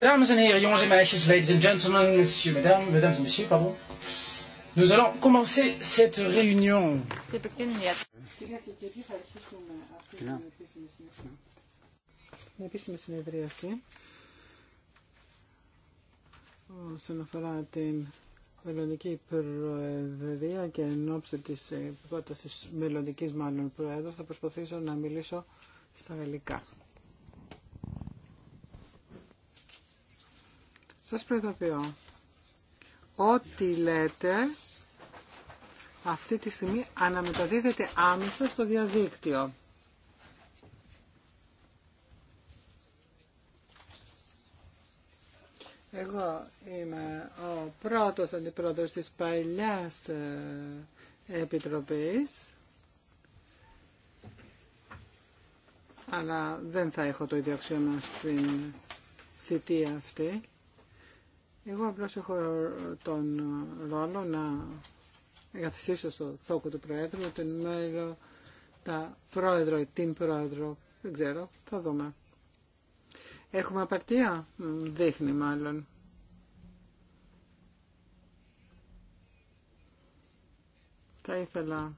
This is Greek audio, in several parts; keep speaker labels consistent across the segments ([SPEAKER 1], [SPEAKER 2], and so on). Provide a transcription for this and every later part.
[SPEAKER 1] en heren, jongens en meisjes, ladies and gentlemen, messieurs, mesdames, mesdames et messieurs, pardon. Nous
[SPEAKER 2] allons commencer cette réunion. μελλοντική προεδρία και εν ώψη τη μελλοντική μάλλον προέδρου θα προσπαθήσω να μιλήσω στα γαλλικά. Σας προειδοποιώ. Ό,τι λέτε αυτή τη στιγμή αναμεταδίδεται άμεσα στο διαδίκτυο. Εγώ είμαι ο πρώτος αντιπρόεδρος της παλιάς ε, επιτροπής, αλλά δεν θα έχω το ίδιο αξίωμα στην θητεία αυτή. Εγώ απλώς έχω τον ρόλο να εγκαθιστήσω στο θόκο του Προέδρου, τον μέλο τα πρόεδρο ή την πρόεδρο, δεν ξέρω, θα δούμε. Έχουμε απαρτία, δείχνει μάλλον. Θα ήθελα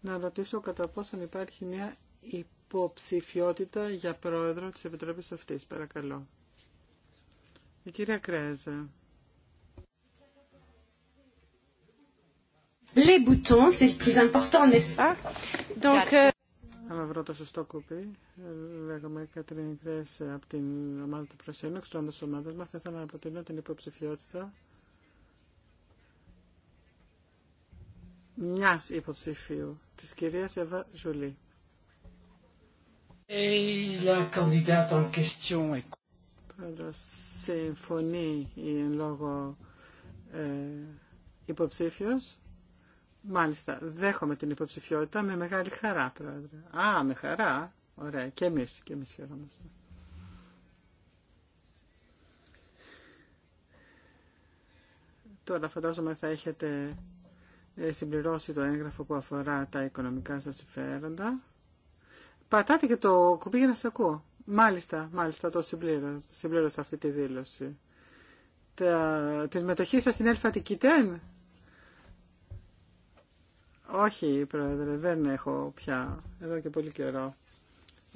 [SPEAKER 2] να ρωτήσω κατά πόσον υπάρχει μια υποψηφιότητα για πρόεδρο της Επιτροπής αυτής, παρακαλώ. Η κυρία Κρέζα.
[SPEAKER 3] Les boutons, c'est le plus important, n'est-ce pas? Ah, donc, euh,
[SPEAKER 2] Αν βρω το σωστό κουμπί, ε, λέγομαι Κατρίν Κρέσ από την ομάδα του Προσένου, εξωτερών της ομάδας μας, θα ήθελα να την υποψηφιότητα μιας υποψηφίου, της κυρίας Εύα Ζουλή. Et la candidate Πρόεδρος, συμφωνεί η εν λόγω ε, υποψήφιος. Μάλιστα, δέχομαι την υποψηφιότητα με μεγάλη χαρά, πρόεδρε. Α, με χαρά. Ωραία, και εμείς, και εμείς χαιρόμαστε. Τώρα φαντάζομαι θα έχετε ε, συμπληρώσει το έγγραφο που αφορά τα οικονομικά σας συμφέροντα. Πατάτε και το κουμπί για να σας ακούω. Μάλιστα, μάλιστα, το συμπλήρωσα, συμπλήρωσα αυτή τη δήλωση. Τα, της μετοχής σας στην Έλφα Τικητέν. Όχι, πρόεδρε, δεν έχω πια εδώ και πολύ καιρό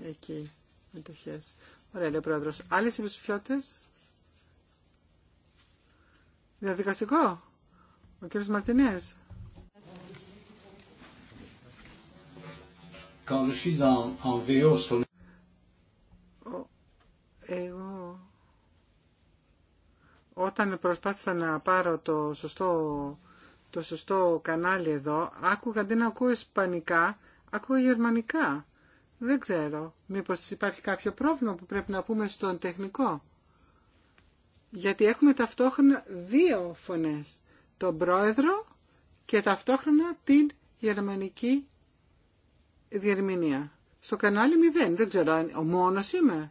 [SPEAKER 2] εκεί μετοχές. Ωραία, λέει ο πρόεδρος. Άλλες υποψηφιότητες. Διαδικαστικό. Ο κύριος Μαρτινές.
[SPEAKER 4] Quand je suis
[SPEAKER 2] εγώ όταν προσπάθησα να πάρω το σωστό, το σωστό κανάλι εδώ, άκουγα δεν να ακούω ισπανικά, ακούω γερμανικά. Δεν ξέρω. Μήπως υπάρχει κάποιο πρόβλημα που πρέπει να πούμε στον τεχνικό. Γιατί έχουμε ταυτόχρονα δύο φωνές. Το πρόεδρο και ταυτόχρονα την γερμανική διερμηνία. Στο κανάλι μηδέν, Δεν ξέρω αν ο μόνος είμαι.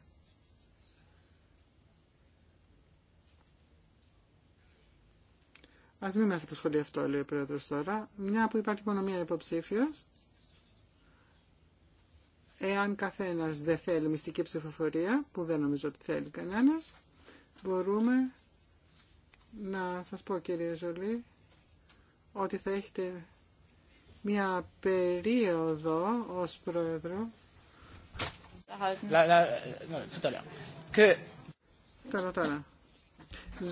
[SPEAKER 2] Α μην μα απασχολεί αυτό, λέει ο πρόεδρο τώρα. Μια που υπάρχει μόνο μία υποψήφιο, εάν καθένα δεν θέλει μυστική ψηφοφορία, που δεν νομίζω ότι θέλει κανένα, μπορούμε να σας πω κύριε Ζολή ότι θα έχετε μια περίοδο ως πρόεδρο Και... Ε, τώρα, τώρα.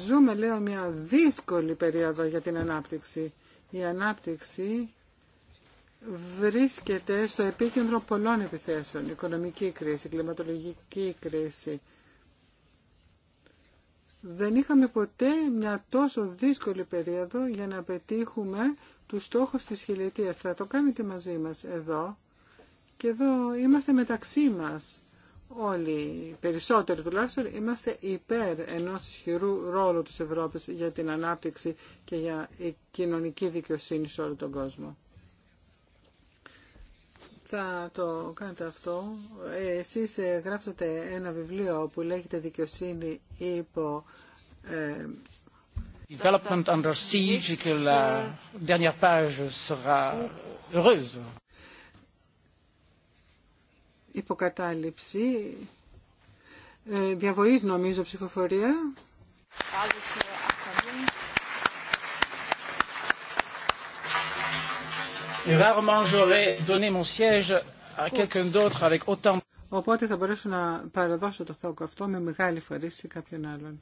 [SPEAKER 2] Ζούμε, λέω, μια δύσκολη περίοδο για την ανάπτυξη. Η ανάπτυξη βρίσκεται στο επίκεντρο πολλών επιθέσεων. Οικονομική κρίση, κλιματολογική κρίση. Δεν είχαμε ποτέ μια τόσο δύσκολη περίοδο για να πετύχουμε του στόχους της χιλιετίας. Θα το κάνετε μαζί μας εδώ. Και εδώ είμαστε μεταξύ μας όλοι, περισσότεροι τουλάχιστον, είμαστε υπέρ ενός ισχυρού ρόλου της Ευρώπης για την ανάπτυξη και για η κοινωνική δικαιοσύνη σε όλο τον κόσμο. Θα το κάνετε αυτό. Εσείς ε, γράψατε ένα βιβλίο που λέγεται «Δικαιοσύνη υπό ε,
[SPEAKER 1] Development under siege, ε,
[SPEAKER 2] dernière page sera heureuse υποκατάληψη. Ε, διαβοής νομίζω ψηφοφορία. Οπότε θα μπορέσω να παραδώσω το θόκο αυτό με μεγάλη φορήση σε κάποιον άλλον.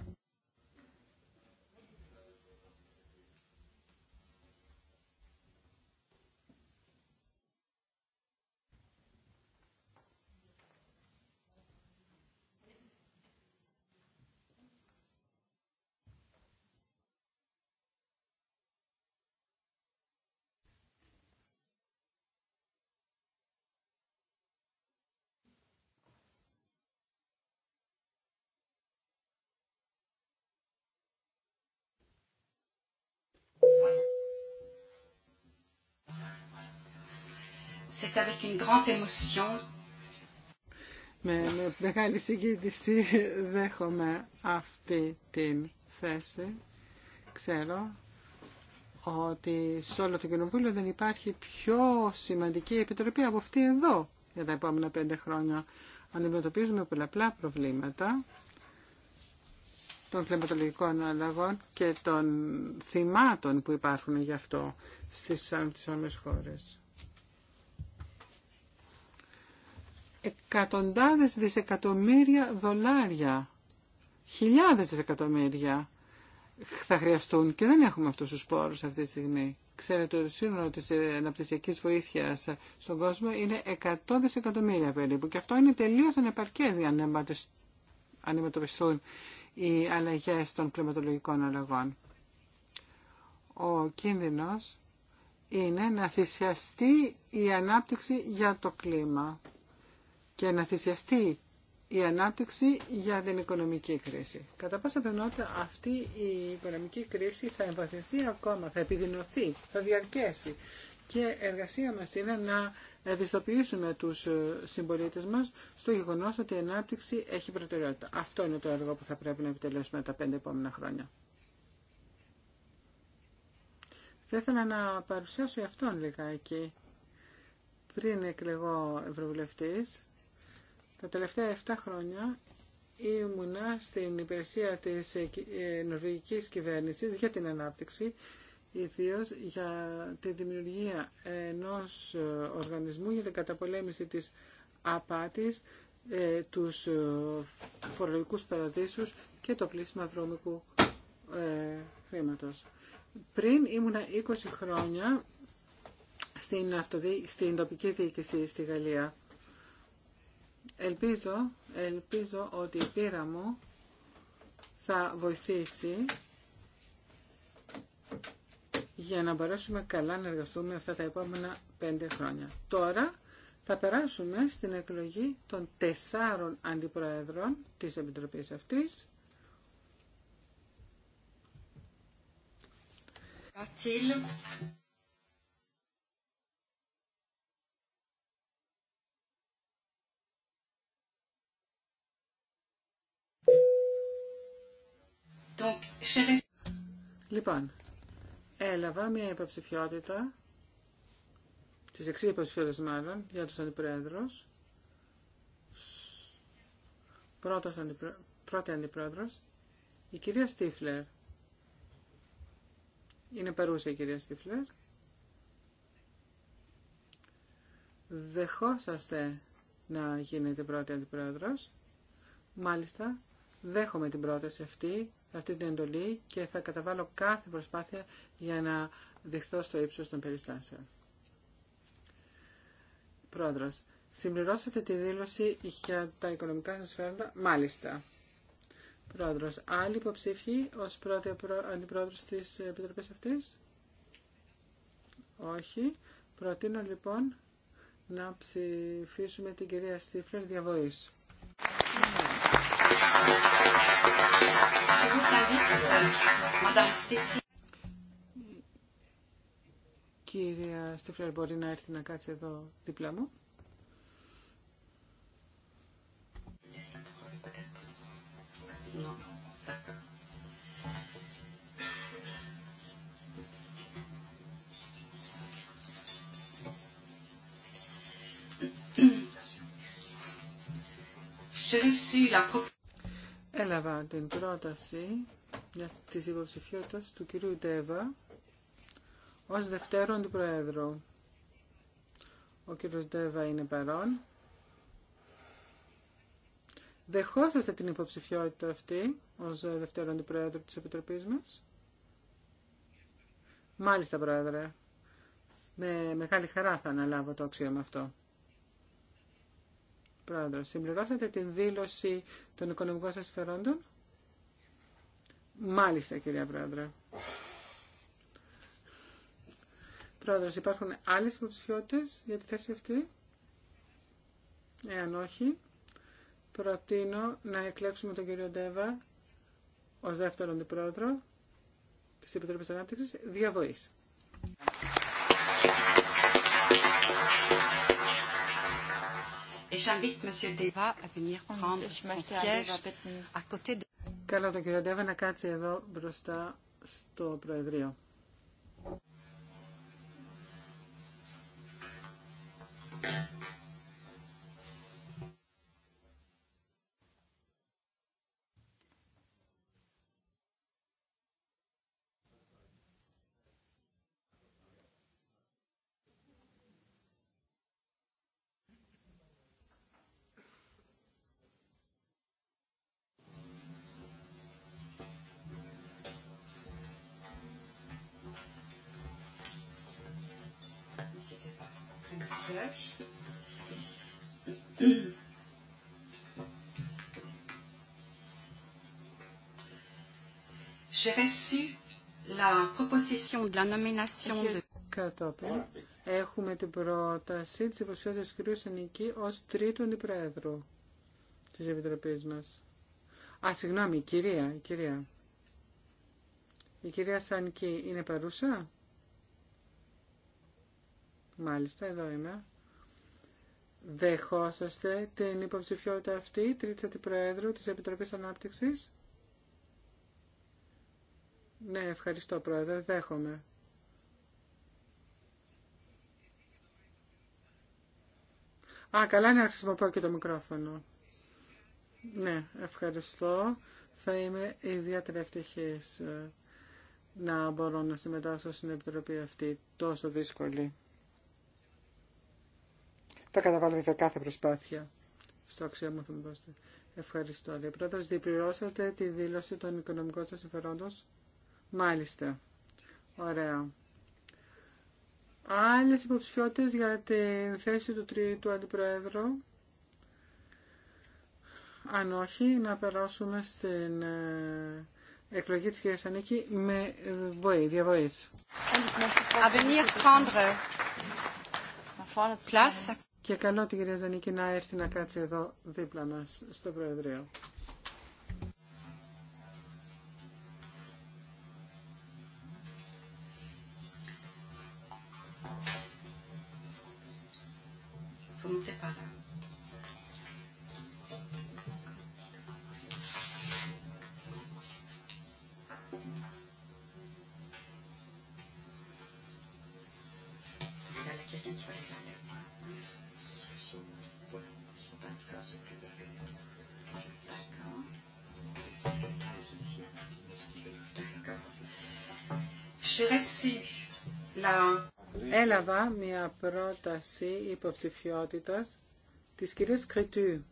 [SPEAKER 2] Με μεγάλη συγκίνηση δέχομαι αυτή την θέση. Ξέρω ότι σε όλο το κοινοβούλιο δεν υπάρχει πιο σημαντική επιτροπή από αυτή εδώ για τα επόμενα πέντε χρόνια. Αντιμετωπίζουμε πολλαπλά προβλήματα των κλιματολογικών αλλαγών και των θυμάτων που υπάρχουν γι' αυτό στις άλλες χώρες. εκατοντάδες δισεκατομμύρια δολάρια. Χιλιάδες δισεκατομμύρια θα χρειαστούν και δεν έχουμε αυτούς τους πόρους αυτή τη στιγμή. Ξέρετε, το σύνολο της αναπτυσιακής βοήθειας στον κόσμο είναι 100 δισεκατομμύρια περίπου και αυτό είναι τελείως ανεπαρκές για να αντιμετωπιστούν οι αλλαγές των κλιματολογικών αλλαγών. Ο κίνδυνος είναι να θυσιαστεί η ανάπτυξη για το κλίμα και να θυσιαστεί η ανάπτυξη για την οικονομική κρίση. Κατά πάσα πιθανότητα αυτή η οικονομική κρίση θα εμβαθυνθεί ακόμα, θα επιδεινωθεί, θα διαρκέσει. Και εργασία μας είναι να ευιστοποιήσουμε τους ε, συμπολίτε μας στο γεγονός ότι η ανάπτυξη έχει προτεραιότητα. Αυτό είναι το έργο που θα πρέπει να επιτελέσουμε τα πέντε επόμενα χρόνια. Θα ήθελα να παρουσιάσω αυτόν λιγάκι πριν εκλεγώ ευρωβουλευτής τα τελευταία 7 χρόνια ήμουνα στην υπηρεσία της ε, ε, νορβηγικής κυβέρνησης για την ανάπτυξη, ιδίως για τη δημιουργία ενός ε, οργανισμού για την καταπολέμηση της απάτης, τους φορολογικούς παραδείσους και το πλήσιμα βρώμικου χρήματος. Πριν ήμουνα 20 χρόνια στην, στην τοπική διοίκηση στη Γαλλία Ελπίζω, ελπίζω ότι η πείρα μου θα βοηθήσει για να μπορέσουμε καλά να εργαστούμε αυτά τα επόμενα πέντε χρόνια. Τώρα θα περάσουμε στην εκλογή των τεσσάρων αντιπροεδρών της Επιτροπής αυτής. Λοιπόν, έλαβα μία υποψηφιότητα, τις εξής υποψηφιότητες μάλλον, για τους αντιπρόεδρους. Πρώτος Πρώτη αντιπρόεδρος, η κυρία Στίφλερ. Είναι παρούσα η κυρία Στίφλερ. Δεχόσαστε να γίνετε πρώτη αντιπρόεδρος. Μάλιστα, δέχομαι την πρόταση αυτή αυτή την εντολή και θα καταβάλω κάθε προσπάθεια για να δεχθώ στο ύψος των περιστάσεων. Πρόεδρος, συμπληρώσατε τη δήλωση για τα οικονομικά σας φέροντα, μάλιστα. Πρόεδρος, άλλη υποψήφοι ως πρώτη αντιπρόεδρος της Επιτροπής αυτής. Όχι. Προτείνω λοιπόν να ψηφίσουμε την κυρία Στίφλερ διαβοής. Κυρία Στυφλέρ, μπορεί να έρθει να κάτσει εδώ δίπλα μου. Έλαβα την πρόταση της υποψηφιότητας του κυρίου Ντέβα ως δευτέρον του Προέδρου. Ο κύριος Ντέβα είναι παρόν. Δεχόσαστε την υποψηφιότητα αυτή ως δευτέρον του Προέδρου της Επιτροπής μας. Μάλιστα, Πρόεδρε. Με μεγάλη χαρά θα αναλάβω το αξίωμα αυτό. Πρόεδρο, συμπληρώσατε την δήλωση των οικονομικών σας φερόντων. Μάλιστα, κυρία Πρόεδρε. Πρόεδρο, υπάρχουν άλλες υποψηφιότητες για τη θέση αυτή. Εάν όχι, προτείνω να εκλέξουμε τον κύριο Ντέβα ως δεύτερον πρόεδρο της Επιτροπής Ανάπτυξης διαβοής. Καλό τον κύριο Ντέβα να κάτσει εδώ μπροστά στο Προεδρείο. Thank you. J'ai reçu la proposition de la nomination de... Κατόπιν έχουμε την πρόταση της υποψηφιότητας του κ. Σενική ως τρίτου αντιπρόεδρου της Επιτροπής μας. Α, συγγνώμη, η κυρία, η κυρία. Η κυρία είναι παρούσα? Μάλιστα, εδώ είμαι. Δεχόσαστε την υποψηφιότητα αυτή, τρίτη αντιπρόεδρου της Επιτροπής Ανάπτυξης. Ναι, ευχαριστώ πρόεδρε, δέχομαι. Α, καλά είναι να χρησιμοποιώ και το μικρόφωνο. Ναι, ευχαριστώ. Θα είμαι ιδιαίτερα ευτυχής ε, να μπορώ να συμμετάσχω στην επιτροπή αυτή τόσο δύσκολη. Θα καταβάλω για κάθε προσπάθεια. Στο μου θα μου δώσετε. Ευχαριστώ. Λέει Πρώτα, διπληρώσατε τη δήλωση των οικονομικών σας συμφερόντων. Μάλιστα. Ωραία. Άλλε υποψηφιότητες για την θέση του τρίτου αντιπρόεδρου. Αν όχι, να περάσουμε στην ε, εκλογή τη κυρία Ανίκη με ε, βοή, Και καλό την κυρία Ζανίκη να έρθει να κάτσει εδώ δίπλα μας στο Προεδρείο. Έλαβα μια πρόταση υποψηφιότητα της κυρία Κρετού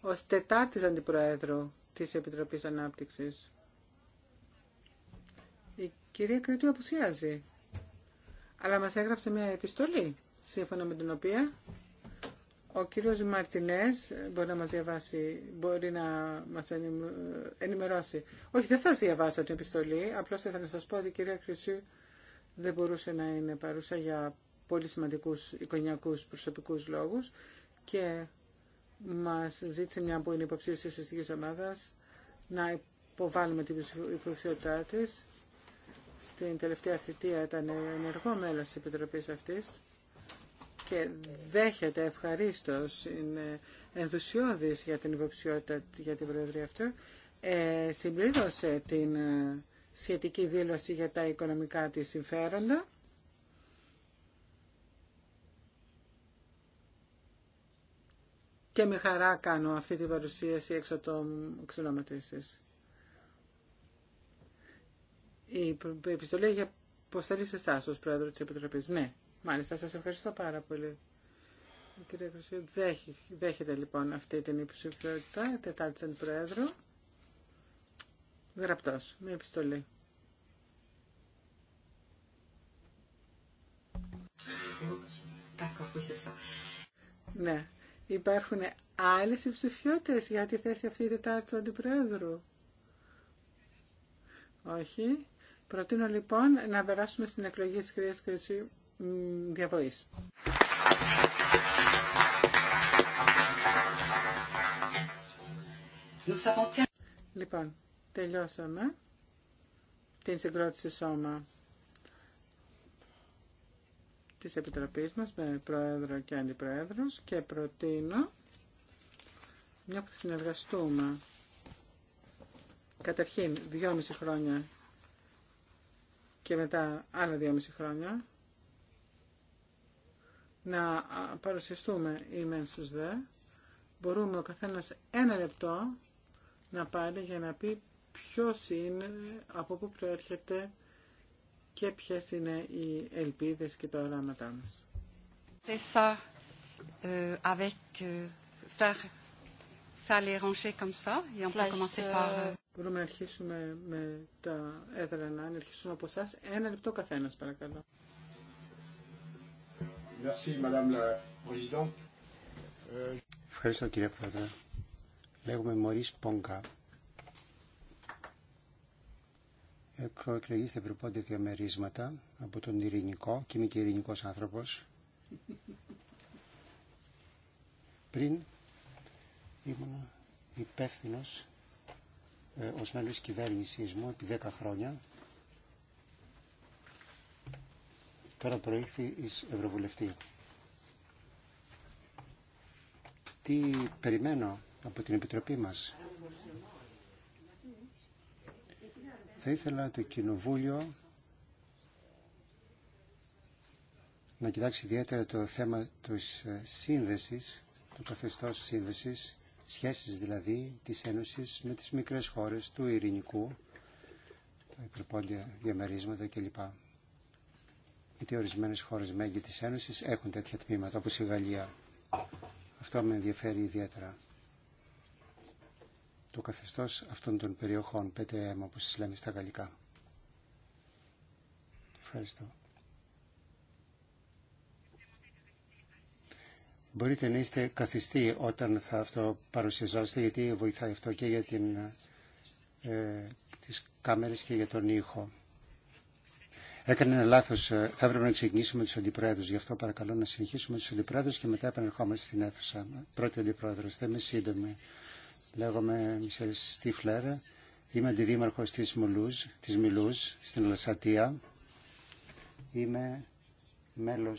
[SPEAKER 2] ω τετάρτη αντιπροέδρου της Επιτροπής Ανάπτυξης. Η κυρία Κρετού απουσιάζει αλλά μας έγραψε μια επιστολή, σύμφωνα με την οποία ο κύριος Μαρτινές μπορεί να μας διαβάσει, μπορεί να μας ενημερώσει. Όχι, δεν θα σας διαβάσω την επιστολή, απλώς θα να σας πω ότι η κυρία Χρυσού δεν μπορούσε να είναι παρούσα για πολύ σημαντικούς εικονιακούς προσωπικούς λόγους και μας ζήτησε μια που είναι υποψήφιση της ομάδας να υποβάλουμε την υποψηφιότητά της στην τελευταία θητεία ήταν ενεργό μέλος της Επιτροπής αυτής και δέχεται ευχαρίστως, είναι ενθουσιώδης για την υποψιότητα για την Προεδρία αυτή, ε, συμπλήρωσε την ε, σχετική δήλωση για τα οικονομικά της συμφέροντα. Και με χαρά κάνω αυτή την παρουσίαση έξω των ξενομετρήσεις. Η επιστολή έχει αποστέλει σε εσά ω πρόεδρο τη Επιτροπή. Ναι, μάλιστα, σα ευχαριστώ πάρα πολύ. Κύριε δέχεται λοιπόν αυτή την υποψηφιότητα, τετάρτη σαν πρόεδρο. Γραπτό, με επιστολή. Ναι, υπάρχουν άλλες υποψηφιότητε για τη θέση αυτή η τετάρτη του αντιπρόεδρου. Όχι. Προτείνω λοιπόν να περάσουμε στην εκλογή της κυρίας Κρυσίου διαβοής. Λοιπόν, τελειώσαμε την συγκρότηση σώμα της Επιτροπής μας με Πρόεδρο και Αντιπρόεδρος και προτείνω μια που θα συνεργαστούμε καταρχήν δυόμιση χρόνια και μετά άλλα μισή χρόνια να παρουσιαστούμε οι μεν στους δε. Μπορούμε ο καθένας ένα λεπτό να πάρει για να πει ποιος είναι, από πού προέρχεται και ποιες είναι οι ελπίδες και τα οράματά μας. Euh, euh, θα les ranger comme ça et on peut commencer euh, par... Euh, Μπορούμε να αρχίσουμε με τα έδρανα, να αρχίσουμε από εσά. Ένα λεπτό καθένα,
[SPEAKER 5] παρακαλώ.
[SPEAKER 4] Ευχαριστώ, κύριε Πρόεδρε. Λέγομαι Μωρή Πόγκα. Έχω ε, εκλεγεί στα ευρωπαϊκά διαμερίσματα από τον Ειρηνικό και είμαι και ειρηνικό άνθρωπο. Πριν ήμουν υπεύθυνο ε, ως μέλος κυβέρνησής μου επί 10 χρόνια. Τώρα προήχθη εις Ευρωβουλευτή. Τι περιμένω από την Επιτροπή μας. Θα ήθελα το Κοινοβούλιο να κοιτάξει ιδιαίτερα το θέμα της ε, σύνδεσης, του καθεστώς σύνδεσης σχέσεις δηλαδή της Ένωσης με τις μικρές χώρες του ειρηνικού, τα υπερπόντια διαμερίσματα κλπ. Γιατί ορισμένες χώρες μέγκη της Ένωσης έχουν τέτοια τμήματα όπως η Γαλλία. Αυτό με ενδιαφέρει ιδιαίτερα. Το καθεστώς αυτών των περιοχών, ΠΤΕΜ όπως λένε στα γαλλικά. Ευχαριστώ. Μπορείτε να είστε καθιστή όταν θα αυτό παρουσιαζόσετε, γιατί βοηθάει αυτό και για την, ε, τις κάμερες και για τον ήχο. Έκανε ένα λάθος, ε, θα έπρεπε να ξεκινήσουμε του αντιπρόεδρους, γι' αυτό παρακαλώ να συνεχίσουμε του αντιπρόεδρους και μετά επανερχόμαστε στην αίθουσα. Πρώτη αντιπρόεδρος, θα είμαι σύντομη. Λέγομαι Μισελ Στίφλερ, είμαι αντιδήμαρχο τη Μιλού στην Λασατία. Είμαι μέλο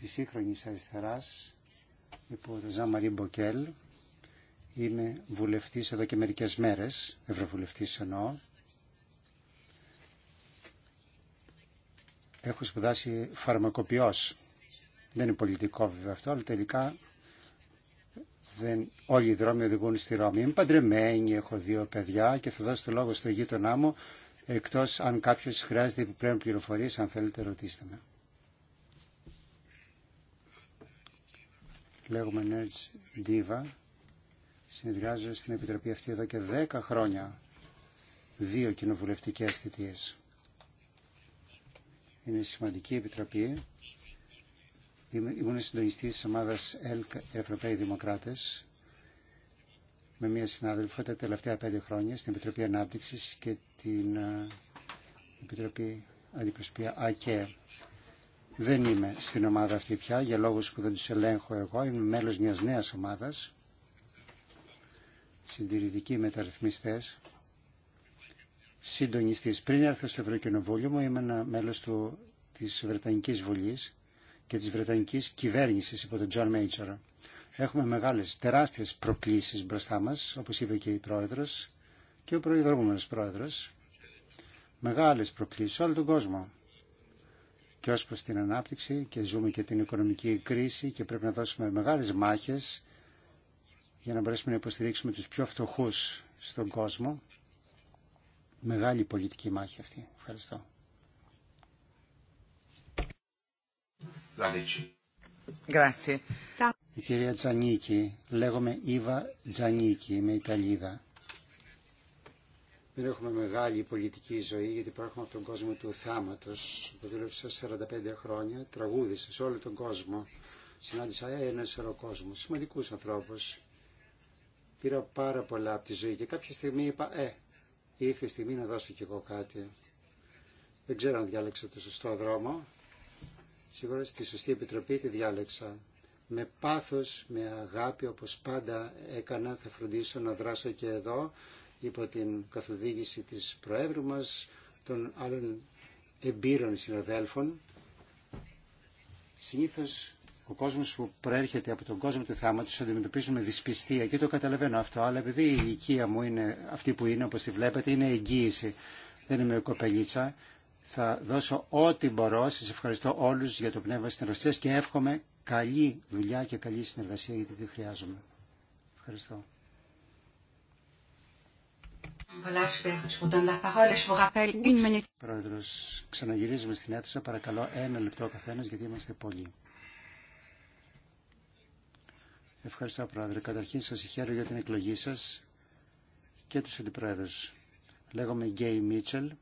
[SPEAKER 4] τη σύγχρονης αριστεράς υπό λοιπόν, το Ζαμαρί Μποκέλ. Είμαι βουλευτής εδώ και μερικές μέρες, ευρωβουλευτής εννοώ. Έχω σπουδάσει φαρμακοποιός. Δεν είναι πολιτικό βέβαια αυτό, αλλά τελικά δεν, όλοι οι δρόμοι οδηγούν στη Ρώμη. Είμαι παντρεμένη, έχω δύο παιδιά και θα δώσω το λόγο στο γείτονά μου, εκτός αν κάποιος χρειάζεται επιπλέον πληροφορίε αν θέλετε ρωτήστε με. Λέγουμε Nerds Diva. Συνεδριάζω στην Επιτροπή αυτή εδώ και 10 χρόνια. Δύο κοινοβουλευτικέ θητείες. Είναι σημαντική επιτροπή. Ήμουν συντονιστή τη ομάδα ΕΛΚ Ευρωπαίοι Δημοκράτε, με μία συνάδελφο τα τελευταία πέντε χρόνια στην Επιτροπή ανάπτυξη και την ε, Επιτροπή Αντιπροσωπεία ΑΚΕ. Δεν είμαι στην ομάδα αυτή πια για λόγους που δεν τους ελέγχω εγώ. Είμαι μέλος μιας νέας ομάδας, συντηρητικοί μεταρρυθμιστές, συντονιστής. Πριν έρθω στο Ευρωκοινοβούλιο μου είμαι ένα μέλος του, της Βρετανικής Βουλής και της Βρετανικής Κυβέρνησης υπό τον Τζον Major. Έχουμε μεγάλες, τεράστιες προκλήσεις μπροστά μας, όπως είπε και η Πρόεδρος και ο προηγούμενος Πρόεδρος. Μεγάλες προκλήσεις σε όλο τον κόσμο και ως προς την ανάπτυξη και ζούμε και την οικονομική κρίση και πρέπει να δώσουμε μεγάλες μάχες για να μπορέσουμε να υποστηρίξουμε τους πιο φτωχούς στον κόσμο. Μεγάλη πολιτική μάχη αυτή. Ευχαριστώ. Η κυρία Τζανίκη, λέγομαι Ήβα Τζανίκη, είμαι Ιταλίδα. Δεν έχουμε μεγάλη πολιτική ζωή γιατί προέρχομαι από τον κόσμο του θάματο, που δούλεψα 45 χρόνια, τραγούδησε σε όλο τον κόσμο. Συνάντησα ένα σωρό κόσμο, σημαντικού ανθρώπου. Πήρα πάρα πολλά από τη ζωή και κάποια στιγμή είπα, ε, ήρθε η στιγμή να δώσω κι εγώ κάτι. Δεν ξέρω αν διάλεξα το σωστό δρόμο. Σίγουρα στη σωστή επιτροπή τη διάλεξα. Με πάθος, με αγάπη, όπως πάντα έκανα, θα φροντίσω να δράσω και εδώ υπό την καθοδήγηση της Προέδρου μας, των άλλων εμπειρών συναδέλφων. Συνήθως ο κόσμος που προέρχεται από τον κόσμο του θάματος αντιμετωπίζουν με δυσπιστία και το καταλαβαίνω αυτό, αλλά επειδή η οικία μου είναι αυτή που είναι, όπως τη βλέπετε, είναι εγγύηση. Δεν είμαι κοπελίτσα. Θα δώσω ό,τι μπορώ. Σας ευχαριστώ όλους για το πνεύμα συνεργασίας και εύχομαι καλή δουλειά και καλή συνεργασία γιατί τη χρειάζομαι. Ευχαριστώ. Πρόεδρος, ξαναγυρίζουμε στην αίθουσα. Παρακαλώ ένα λεπτό ο καθένας γιατί είμαστε πολλοί. Ευχαριστώ, Πρόεδρε. Καταρχήν σας χαίρομαι για την εκλογή σας και τους αντιπρόεδρους. Λέγομαι Γκέι Μίτσελ,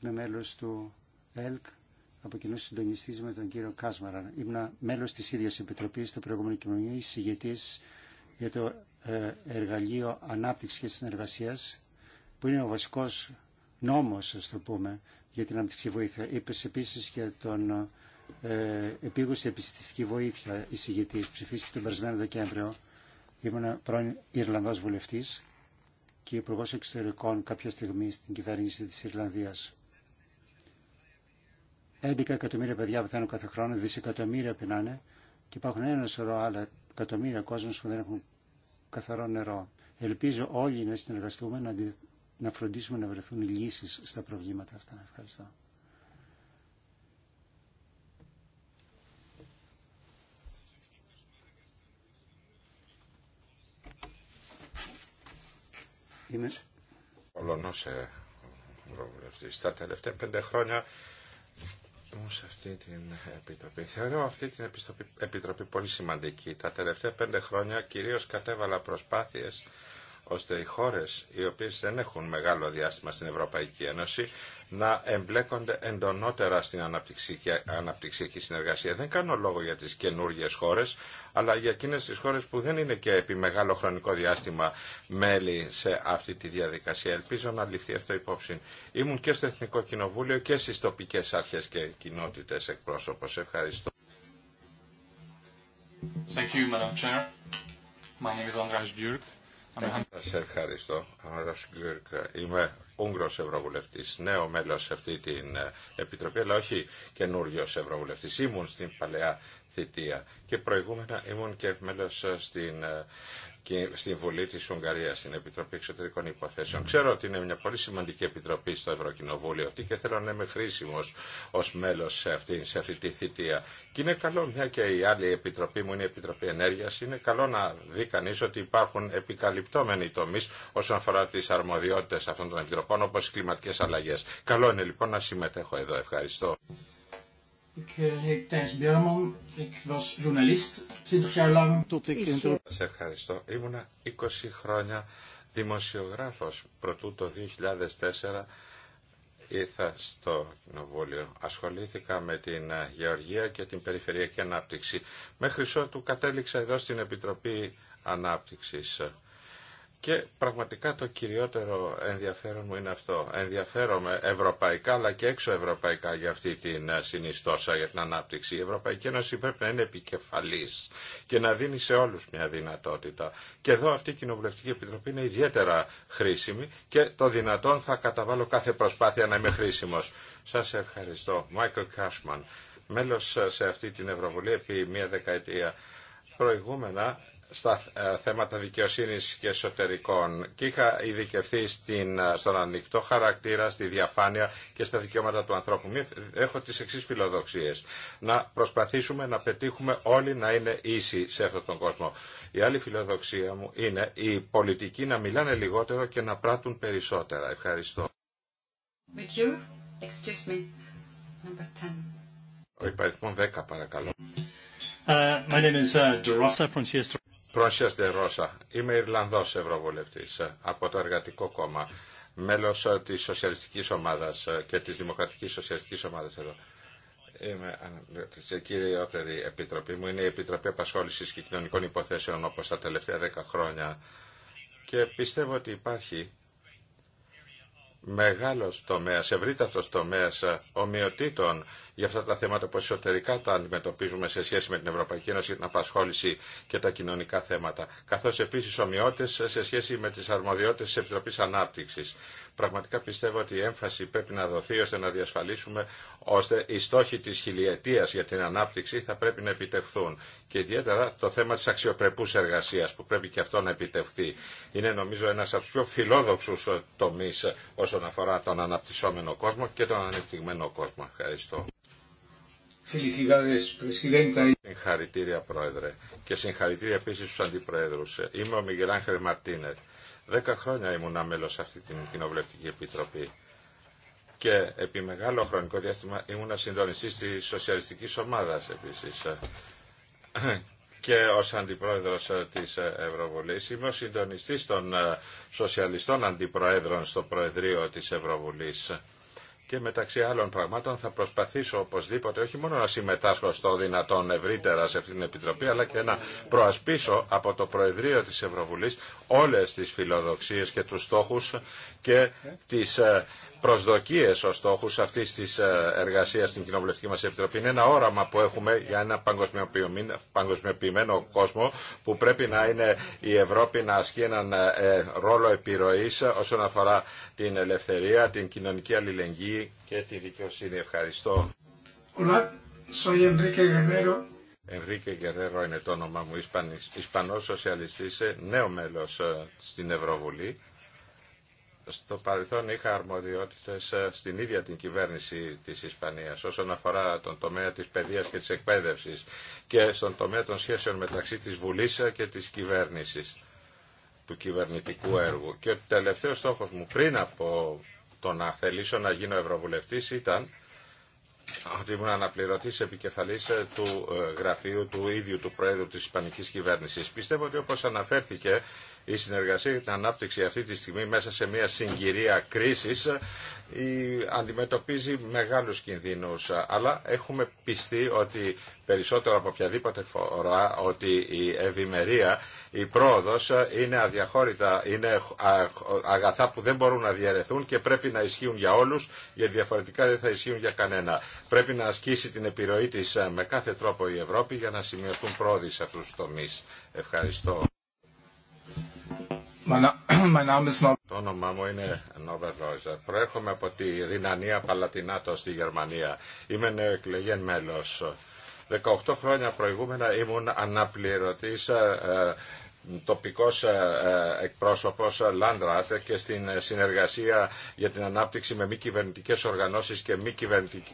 [SPEAKER 4] με μέλος του ΕΛΚ, από κοινού συντονιστή με τον κύριο Κάσμαρα. Ήμουν μέλος της ίδιας επιτροπής του προηγούμενου κοινωνίου, συγγετής για το ε, εργαλείο ανάπτυξης και συνεργασίας που είναι ο βασικός νόμος, ας το πούμε, για την ανάπτυξη βοήθεια. Είπε επίση και τον ε, επίγουση επιστημιστική βοήθεια εισηγητή, ψηφίστηκε τον περασμένο Δεκέμβριο. Ήμουν πρώην Ιρλανδός βουλευτής και υπουργό εξωτερικών κάποια στιγμή στην κυβέρνηση της Ιρλανδίας. 11 εκατομμύρια παιδιά πεθαίνουν κάθε χρόνο, δισεκατομμύρια πεινάνε και υπάρχουν ένα σωρό άλλα εκατομμύρια κόσμος που δεν έχουν καθαρό νερό. Ελπίζω όλοι να συνεργαστούμε, να, να φροντίσουμε να βρεθούν λύσεις στα προβλήματα αυτά. Ευχαριστώ.
[SPEAKER 5] Είμαι. Ολονός ευρωβουλευτής. Τα τελευταία πέντε χρόνια σε αυτή την επιτροπή. Θεωρώ αυτή την επιτροπή πολύ σημαντική. Τα τελευταία πέντε χρόνια κυρίως κατέβαλα προσπάθειες ώστε οι χώρες οι οποίες δεν έχουν μεγάλο διάστημα στην Ευρωπαϊκή Ένωση να εμπλέκονται εντονότερα στην αναπτυξιακή συνεργασία. Δεν κάνω λόγο για τις καινούργιε χώρες, αλλά για εκείνες τις χώρες που δεν είναι και επί μεγάλο χρονικό διάστημα μέλη σε αυτή τη διαδικασία. Ελπίζω να ληφθεί αυτό υπόψη. Ήμουν και στο Εθνικό Κοινοβούλιο και στις τοπικές άρχες και κοινότητες εκπρόσωπος. Ευχαριστώ.
[SPEAKER 6] Thank you, Madam Chair. My name
[SPEAKER 5] is Σα ευχαριστώ. Είμαι Ούγγρο Ευρωβουλευτή, νέο μέλο σε αυτή την ε, επιτροπή, αλλά όχι καινούριο Ευρωβουλευτή. Ήμουν στην παλαιά θητεία και προηγούμενα ήμουν και μέλος ε, ε, στην, Βουλή της Ουγγαρίας, στην Επιτροπή Εξωτερικών Υποθέσεων. Ξέρω ότι είναι μια πολύ σημαντική επιτροπή στο Ευρωκοινοβούλιο αυτή και θέλω να είμαι χρήσιμο ως μέλος σε αυτή, σε αυτή τη θητεία. Και είναι καλό, μια και η άλλη επιτροπή μου είναι η Επιτροπή Ενέργειας, είναι καλό να δει κανείς ότι υπάρχουν επικαλυπτόμενοι τομείς όσον αφορά τις αρμοδιότητες αυτών των επιτροπών όπως οι κλιματικές αλλαγές. Καλό είναι λοιπόν να συμμετέχω εδώ. Ευχαριστώ.
[SPEAKER 2] Ik eh, heet Thijs Berman. Ik was journalist 20 jaar lang tot
[SPEAKER 5] ευχαριστώ. Ήμουνα 20 χρόνια δημοσιογράφος. Πρωτού το 2004 ήρθα στο κοινοβούλιο. Ασχολήθηκα με την ε, γεωργία και την περιφερειακή ανάπτυξη. Μέχρι ότου κατέληξα εδώ στην Επιτροπή Ανάπτυξης. Και πραγματικά το κυριότερο ενδιαφέρον μου είναι αυτό. Ενδιαφέρομαι ευρωπαϊκά αλλά και έξω ευρωπαϊκά για αυτή την ε, συνιστόσα για την ανάπτυξη. Η Ευρωπαϊκή Ένωση πρέπει να είναι επικεφαλής και να δίνει σε όλους μια δυνατότητα. Και εδώ αυτή η Κοινοβουλευτική Επιτροπή είναι ιδιαίτερα χρήσιμη και το δυνατόν θα καταβάλω κάθε προσπάθεια να είμαι χρήσιμος. Σας ευχαριστώ. Μάικλ Κάσμαν, μέλος ε, σε αυτή την Ευρωβουλή επί μια δεκαετία. Προηγούμενα στα ε, θέματα δικαιοσύνης και εσωτερικών και είχα ειδικευθεί στην, ε, στον ανοιχτό χαρακτήρα, στη διαφάνεια και στα δικαιώματα του ανθρώπου. Έχω τις εξής φιλοδοξίες. Να προσπαθήσουμε να πετύχουμε όλοι να είναι ίσοι σε αυτόν τον κόσμο. Η άλλη φιλοδοξία μου είναι οι πολιτικοί να μιλάνε λιγότερο και να πράττουν περισσότερα. Ευχαριστώ. Ο υπαριθμό 10 παρακαλώ. Uh, my name is uh, Πρόσιας Ντερόσα. Είμαι Ιρλανδός Ευρωβουλευτής ε, από το Εργατικό Κόμμα, μέλος ε, της Σοσιαλιστικής Ομάδας ε, και της Δημοκρατικής Σοσιαλιστικής Ομάδας εδώ. Είμαι κυριότερη επιτροπή μου. Είναι η Επιτροπή Απασχόλησης και Κοινωνικών Υποθέσεων όπως τα τελευταία δέκα χρόνια. Και πιστεύω ότι υπάρχει μεγάλος τομέας, ευρύτατος τομέας ε, ομοιοτήτων για αυτά τα θέματα που εσωτερικά τα αντιμετωπίζουμε σε σχέση με την Ευρωπαϊκή Ένωση την απασχόληση και τα κοινωνικά θέματα, καθώς επίσης ομοιότητες σε σχέση με τις αρμοδιότητες της Επιτροπής Ανάπτυξης. Πραγματικά πιστεύω ότι η έμφαση πρέπει να δοθεί ώστε να διασφαλίσουμε ώστε οι στόχοι της χιλιετίας για την ανάπτυξη θα πρέπει να επιτευχθούν. Και ιδιαίτερα το θέμα της αξιοπρεπούς εργασίας που πρέπει και αυτό να επιτευχθεί. Είναι νομίζω ένας από τους πιο φιλόδοξους ε, τομείς ε, όσον αφορά τον αναπτυσσόμενο κόσμο και τον ανεπτυγμένο κόσμο. Ευχαριστώ. Συγχαρητήρια Πρόεδρε και συγχαρητήρια επίσης στους αντιπροέδρους. Είμαι ο Μιγελάν Μαρτίνερ Δέκα χρόνια ήμουν μέλο σε αυτή την κοινοβουλευτική επιτροπή και επί μεγάλο χρονικό διάστημα ήμουν συντονιστή τη σοσιαλιστική ομάδα επίση. και ω αντιπρόεδρο τη Ευρωβουλή Είμαι ο συντονιστή των σοσιαλιστών αντιπροέδρων στο Προεδρείο τη Ευρωβουλής. Και μεταξύ άλλων πραγμάτων θα προσπαθήσω οπωσδήποτε όχι μόνο να συμμετάσχω στο δυνατόν ευρύτερα σε αυτή την Επιτροπή αλλά και να προασπίσω από το Προεδρείο της Ευρωβουλής όλες τις φιλοδοξίες και τους στόχους και τις ε, προσδοκίες ως στόχους αυτής της ε, εργασίας στην Κοινοβουλευτική μας Επιτροπή. Είναι ένα όραμα που έχουμε για ένα παγκοσμιοποιημένο κόσμο που πρέπει να είναι η Ευρώπη να ασκεί έναν ε, ρόλο επιρροής όσον αφορά την ελευθερία, την κοινωνική αλληλεγγύη και τη δικαιοσύνη. Ευχαριστώ. Hola, soy Enrique Guerrero Ενρίκε Γκερέρο είναι το όνομά μου, Ισπανό Ισπανός σοσιαλιστής, ε, νέο μέλος ε, στην Ευρωβουλή. Στο παρελθόν είχα αρμοδιότητες ε, στην ίδια την κυβέρνηση της Ισπανίας όσον αφορά τον τομέα της παιδείας και της εκπαίδευσης και στον τομέα των σχέσεων μεταξύ της Βουλής και της κυβέρνησης του κυβερνητικού έργου. Και ο τελευταίος στόχος μου πριν από το να θελήσω να γίνω Ευρωβουλευτής ήταν ότι ήμουν αναπληρωτής επικεφαλής ε, του ε, γραφείου του ίδιου του Προέδρου της Ισπανική Κυβέρνηση, Πιστεύω ότι όπως αναφέρθηκε η συνεργασία και την ανάπτυξη αυτή τη στιγμή μέσα σε μια συγκυρία κρίσης αντιμετωπίζει μεγάλους κινδύνους. Αλλά έχουμε πιστεί ότι περισσότερο από οποιαδήποτε φορά ότι η ευημερία, η πρόοδος είναι αδιαχώρητα, είναι αγαθά που δεν μπορούν να διαρεθούν και πρέπει να ισχύουν για όλους, γιατί διαφορετικά δεν θα ισχύουν για κανένα. Πρέπει να ασκήσει την επιρροή της με κάθε τρόπο η Ευρώπη για να σημειωθούν πρόοδοι σε αυτούς τους τομείς. Ευχαριστώ. Το όνομά μου είναι Νόβερ Ρόιζερ. Προέρχομαι από τη Ρινανία Παλατινάτο στη Γερμανία. Είμαι νεοεκλεγέν μέλο. 18 χρόνια προηγούμενα ήμουν αναπληρωτής ε, ε, τοπικός ε, εκπρόσωπος Λάντρατ και στην συνεργασία για την ανάπτυξη με μη κυβερνητικέ οργανώσεις και μη κυβερνητικές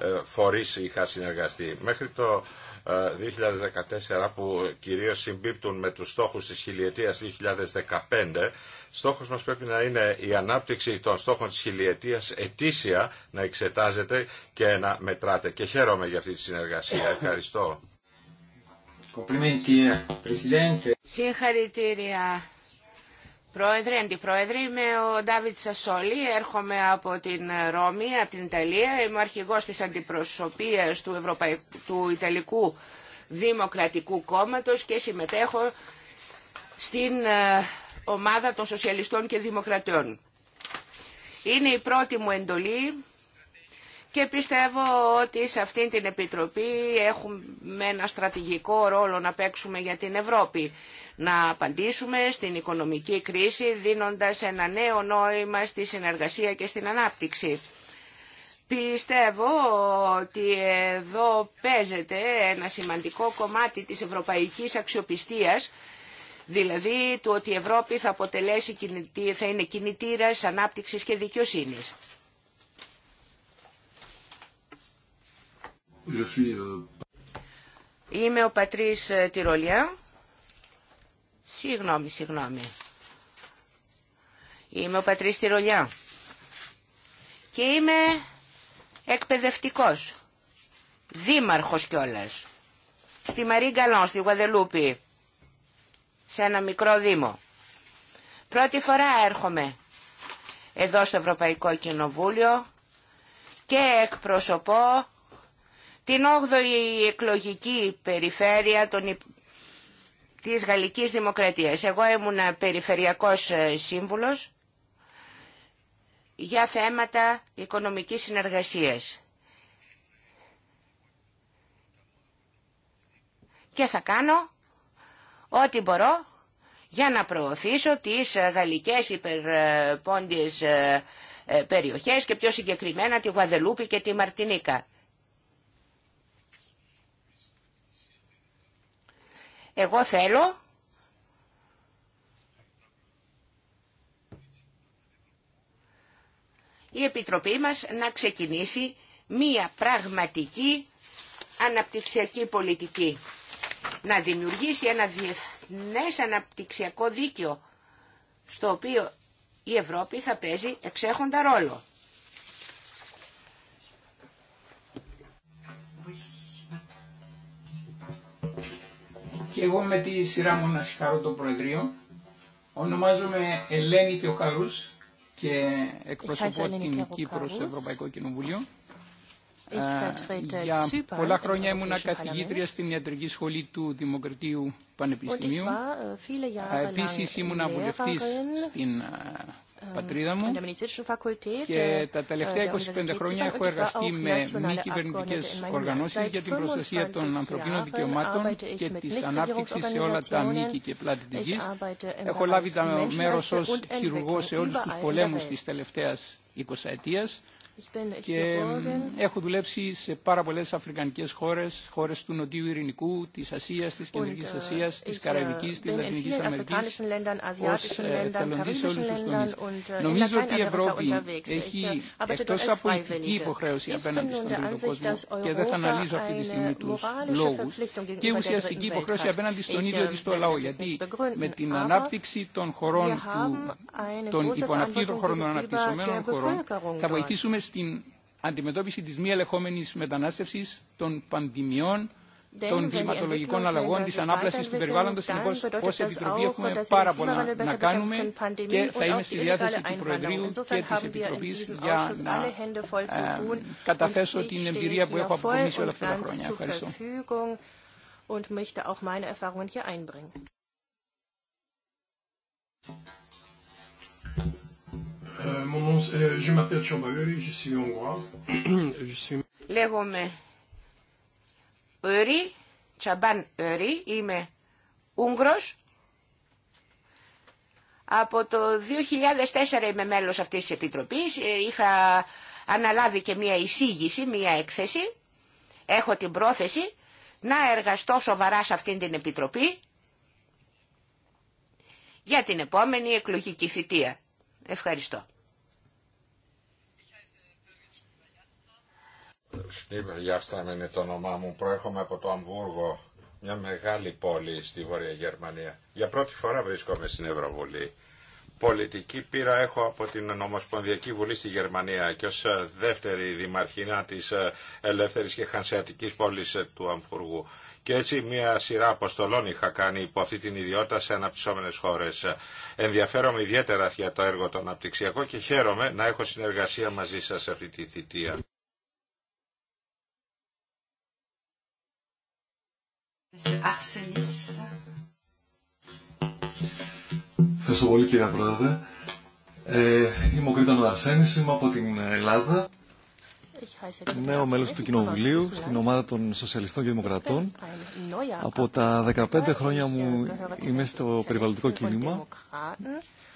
[SPEAKER 5] ε, φορείς είχα συνεργαστεί. Μέχρι το 2014 ε, που κυρίως συμπίπτουν με τους στόχους της χιλιετίας 2015 στόχος μας πρέπει να είναι η ανάπτυξη των στόχων της χιλιετίας ετήσια να εξετάζεται και να μετράτε και χαίρομαι για αυτή τη συνεργασία. Ευχαριστώ. Eh,
[SPEAKER 3] Συγχαρητήρια Πρόεδρε, Αντιπρόεδρε, είμαι ο Ντάβιτ Σασόλη, έρχομαι από την Ρώμη, από την Ιταλία. Είμαι ο αρχηγός της αντιπροσωπείας του, Ευρωπαϊκού του Ιταλικού Δημοκρατικού Κόμματος και συμμετέχω στην ε, ομάδα των Σοσιαλιστών και Δημοκρατών. Είναι η πρώτη μου εντολή και πιστεύω ότι σε αυτήν την Επιτροπή έχουμε ένα στρατηγικό ρόλο να παίξουμε για την Ευρώπη. Να απαντήσουμε στην οικονομική κρίση δίνοντας ένα νέο νόημα στη συνεργασία και στην ανάπτυξη. Πιστεύω ότι εδώ παίζεται ένα σημαντικό κομμάτι της ευρωπαϊκής αξιοπιστίας, δηλαδή του ότι η Ευρώπη θα, αποτελέσει, θα είναι κινητήρας ανάπτυξης και δικαιοσύνης.
[SPEAKER 6] Euh,
[SPEAKER 3] είμαι ο Πατρίς ε, Τυρολιά. Συγγνώμη, συγγνώμη. Είμαι ο Πατρίς Τυρολιά. Και είμαι εκπαιδευτικός. Δήμαρχος κιόλας. Στη Μαρή Γκαλόν, στη Γουαδελούπη. Σε ένα μικρό δήμο. Πρώτη φορά έρχομαι εδώ στο Ευρωπαϊκό Κοινοβούλιο και εκπροσωπώ την 8η εκλογική περιφέρεια των, της Γαλλικής Δημοκρατίας. Εγώ ήμουν περιφερειακός ε, σύμβουλος για θέματα οικονομικής συνεργασίας. Και θα κάνω ό,τι μπορώ για να προωθήσω τις ε, γαλλικές υπερπόντιες ε, περιοχές και πιο συγκεκριμένα τη Γουαδελούπη και τη Μαρτινίκα. Εγώ θέλω η Επιτροπή μας να ξεκινήσει μία πραγματική αναπτυξιακή πολιτική. Να δημιουργήσει ένα διεθνές αναπτυξιακό δίκαιο στο οποίο η Ευρώπη θα παίζει εξέχοντα ρόλο.
[SPEAKER 1] Και εγώ με τη σειρά μου να συγχαρώ το Προεδρείο. Ονομάζομαι Ελένη Θεοχαρούς και εκπροσωπώ την Κύπρο στο Ευρωπαϊκό Κοινοβούλιο.
[SPEAKER 3] Για πολλά χρόνια ήμουνα καθηγήτρια στην
[SPEAKER 1] ιατρική σχολή του Δημοκρατίου Πανεπιστημίου.
[SPEAKER 3] Επίση ήμουνα βουλευτή στην πατρίδα μου και τα τελευταία 25 χρόνια έχω εργαστεί με μη κυβερνητικέ οργανώσει για την
[SPEAKER 1] προστασία των ανθρωπίνων δικαιωμάτων και τη ανάπτυξη σε όλα τα μήκη και πλάτη τη γη. Έχω λάβει τα μέρο ω χειρουργό σε όλου του πολέμου τη τελευταία 20 ετία και έχω δουλέψει σε πάρα πολλέ Αφρικανικέ χώρε, χώρε του Νοτιού Ειρηνικού, τη Ασία, τη Κεντρική Ασία, τη Καραϊβική, τη Λατινική Αμερική, ω θελοντή σε όλου του τομεί. Νομίζω ότι η Ευρώπη έχει εκτό από ηθική υποχρέωση απέναντι στον τρίτο κόσμο και δεν θα αναλύσω αυτή τη στιγμή του λόγου, και ουσιαστική υποχρέωση απέναντι στον ίδιο τη το λαό γιατί με την ανάπτυξη των χωρών
[SPEAKER 5] των υποαναπτύρων χωρών των αναπτυσσομένων χωρών θα βοηθήσουμε
[SPEAKER 1] στην αντιμετώπιση της μη ελεγχόμενης μετανάστευσης, των πανδημιών, των κλιματολογικών αλλαγών, τη ανάπλαση του περιβάλλοντος. Συνεπώς, ω Επιτροπή έχουμε πάρα πολλά να κάνουμε
[SPEAKER 3] και θα είμαι στη διάθεση του Προεδρείου και τη Επιτροπή,
[SPEAKER 1] για να ε, καταθέσω την εμπειρία που έχω αποκομίσει όλα αυτά τα χρόνια. Ευχαριστώ.
[SPEAKER 5] Und auch meine Erfahrungen hier einbringen.
[SPEAKER 3] Λέγομαι Τσαμπάν Ουρι, είμαι Ούγγρος. Από το 2004 είμαι μέλος αυτής της Επιτροπής, ε, είχα αναλάβει και μία εισήγηση, μία έκθεση. Έχω την πρόθεση να εργαστώ σοβαρά σε αυτήν την Επιτροπή για την επόμενη εκλογική θητεία. Ευχαριστώ.
[SPEAKER 5] Σνίμπερ Γιάστραμ είναι το όνομά μου. Προέρχομαι από το Αμβούργο, μια μεγάλη πόλη στη Βόρεια Γερμανία. Για πρώτη φορά βρίσκομαι στην Ευρωβουλή. Πολιτική πείρα έχω από την Ομοσπονδιακή Βουλή στη Γερμανία και ως ε, δεύτερη δημαρχίνα της ε, ελεύθερης και χανσεατικής πόλης ε, του Αμβούργου. Και έτσι μια σειρά αποστολών είχα κάνει υπό αυτή την ιδιότητα σε αναπτυσσόμενες χώρες. Ενδιαφέρομαι ιδιαίτερα για το έργο το αναπτυξιακό και χαίρομαι να έχω συνεργασία μαζί σας σε αυτή τη θητεία.
[SPEAKER 6] Ευχαριστώ πολύ κύριε Πρόεδρε. Ε, είμαι ο Κρήτανο Αρσένης, είμαι από την Ελλάδα νέο μέλος του Κοινοβουλίου στην ομάδα των Σοσιαλιστών και Δημοκρατών. Από τα 15 χρόνια μου είμαι στο περιβαλλοντικό κίνημα.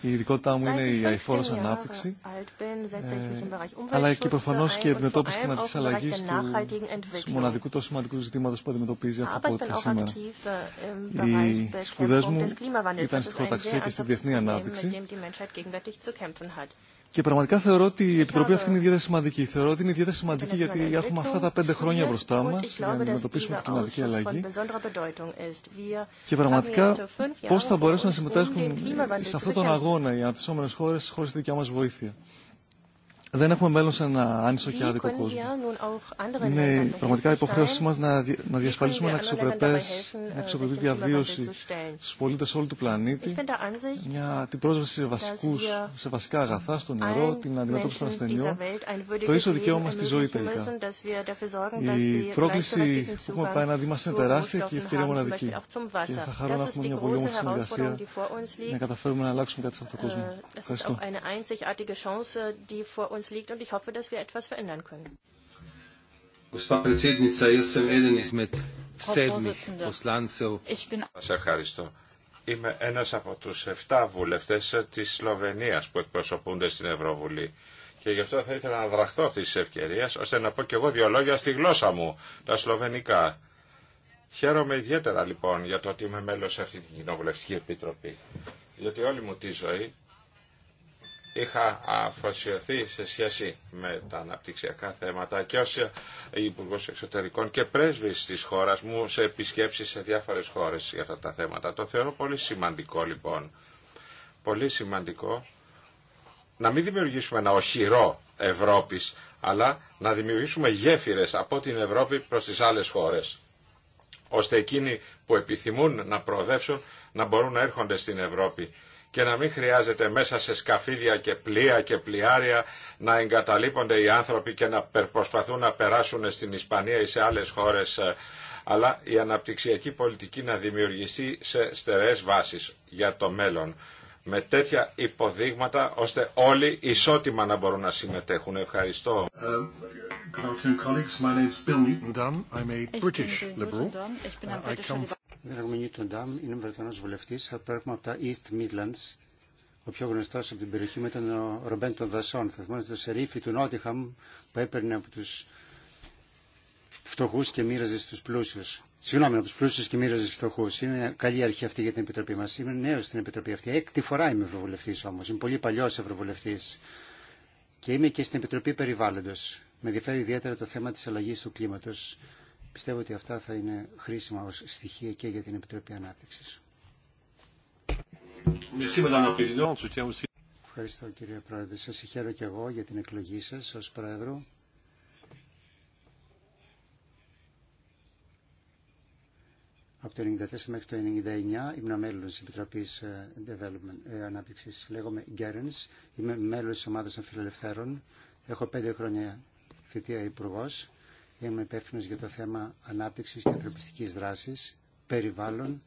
[SPEAKER 6] Η ειδικότητά μου είναι η αηφόρος ανάπτυξη,
[SPEAKER 1] αλλά και προφανώς και η αντιμετώπιση κλιματικής αλλαγής του μοναδικού
[SPEAKER 6] τόσο σημαντικού ζητήματος που αντιμετωπίζει η ανθρωπότητα σήμερα.
[SPEAKER 3] Οι σπουδές μου ήταν στη χωροταξία και στη διεθνή ανάπτυξη
[SPEAKER 6] και πραγματικά θεωρώ ότι η Επιτροπή αυτή είναι ιδιαίτερα σημαντική. Θεωρώ ότι είναι ιδιαίτερα σημαντική γιατί έχουμε αυτά τα πέντε χρόνια μπροστά λοιπόν, μα για να αντιμετωπίσουμε την κλιματική αλλαγή.
[SPEAKER 1] Και πραγματικά πώ θα μπορέσουν να συμμετάσχουν σε αυτόν τον
[SPEAKER 6] αγώνα οι αναπτυσσόμενε χώρε χωρί τη δικιά μα βοήθεια δεν έχουμε μέλλον σε ένα άνισο και άδικο κόσμο. Είναι πραγματικά η υποχρέωσή μα να, να διασφαλίσουμε ένα äh,
[SPEAKER 5] αξιοπρεπή διαβίωση στου
[SPEAKER 6] πολίτε όλου του πλανήτη, μια, την πρόσβαση σε, σε βασικά αγαθά, στο νερό, την αντιμετώπιση των ασθενειών, το ίσο δικαίωμα στη ζωή τελικά.
[SPEAKER 4] Η πρόκληση που έχουμε
[SPEAKER 6] πάει να δείξουμε είναι τεράστια και η ευκαιρία μοναδική. Και θα χαρώ να έχουμε μια πολύ όμορφη συνεργασία να καταφέρουμε να αλλάξουμε κάτι σε αυτόν τον äh, κόσμο. Ευχαριστώ
[SPEAKER 5] uns liegt und ich hoffe, dass wir etwas verändern können. ευχαριστώ. Είμαι ένας από τους 7 βουλευτές της Σλοβενίας που εκπροσωπούνται στην Ευρωβουλή. Και γι' αυτό θα ήθελα να δραχθώ αυτή τη ευκαιρία ώστε να πω και εγώ δύο λόγια στη γλώσσα μου, τα σλοβενικά. Χαίρομαι ιδιαίτερα λοιπόν για το ότι είμαι μέλος σε αυτή την κοινοβουλευτική επιτροπή. Γιατί όλη μου τη ζωή είχα αφοσιωθεί σε σχέση με τα αναπτυξιακά θέματα και ως υπουργό Εξωτερικών και πρέσβης της χώρας μου σε επισκέψεις σε διάφορες χώρες για αυτά τα θέματα. Το θεωρώ πολύ σημαντικό λοιπόν. Πολύ σημαντικό να μην δημιουργήσουμε ένα οχυρό Ευρώπης, αλλά να δημιουργήσουμε γέφυρες από την Ευρώπη προς τις άλλες χώρες ώστε εκείνοι που επιθυμούν να προοδεύσουν να μπορούν να έρχονται στην Ευρώπη και να μην χρειάζεται μέσα σε σκαφίδια και πλοία και πλοιάρια να εγκαταλείπονται οι άνθρωποι και να προσπαθούν να περάσουν στην Ισπανία ή σε άλλες χώρες ε, αλλά η αναπτυξιακή πολιτική να δημιουργηθεί σε στερεές βάσεις για το μέλλον με τέτοια υποδείγματα ώστε όλοι ισότιμα να μπορούν να συμμετέχουν.
[SPEAKER 4] Ευχαριστώ. Είμαι Βρετανό βουλευτή είναι Βρετανός βουλευτής, από τα East Midlands. Ο πιο γνωστός από την περιοχή μου ήταν ο ε, Ρομπέν των Δασών. Θα θυμάστε το σερίφι του Νότιχαμ που έπαιρνε από τους φτωχούς και μοίραζε στους πλούσιους. Συγγνώμη, από του πλούσιου και μοίραζε φτωχού. Είναι καλή αρχή αυτή για την Επιτροπή μα. Είμαι νέο στην Επιτροπή αυτή. Έκτη φορά είμαι Ευρωβουλευτή όμω. Είμαι πολύ παλιό Ευρωβουλευτή. Και είμαι και στην Επιτροπή Περιβάλλοντο. Με ενδιαφέρει ιδιαίτερα το θέμα τη αλλαγή του κλίματο. Πιστεύω ότι αυτά θα είναι χρήσιμα ως στοιχεία και για την Επιτροπή Ανάπτυξης. Ευχαριστώ κύριε Πρόεδρε. Σας συγχαίρω και εγώ για την εκλογή σας ως Πρόεδρο. Από το 1994 μέχρι το 1999 ήμουν μέλο τη Επιτροπή ε, ε Ανάπτυξη. Λέγομαι Γκέρεν. Είμαι μέλο τη Ομάδα των Φιλελευθέρων. Έχω πέντε χρόνια θητεία υπουργό. Είμαι υπεύθυνο για το θέμα ανάπτυξης και ανθρωπιστική δράσης, περιβάλλον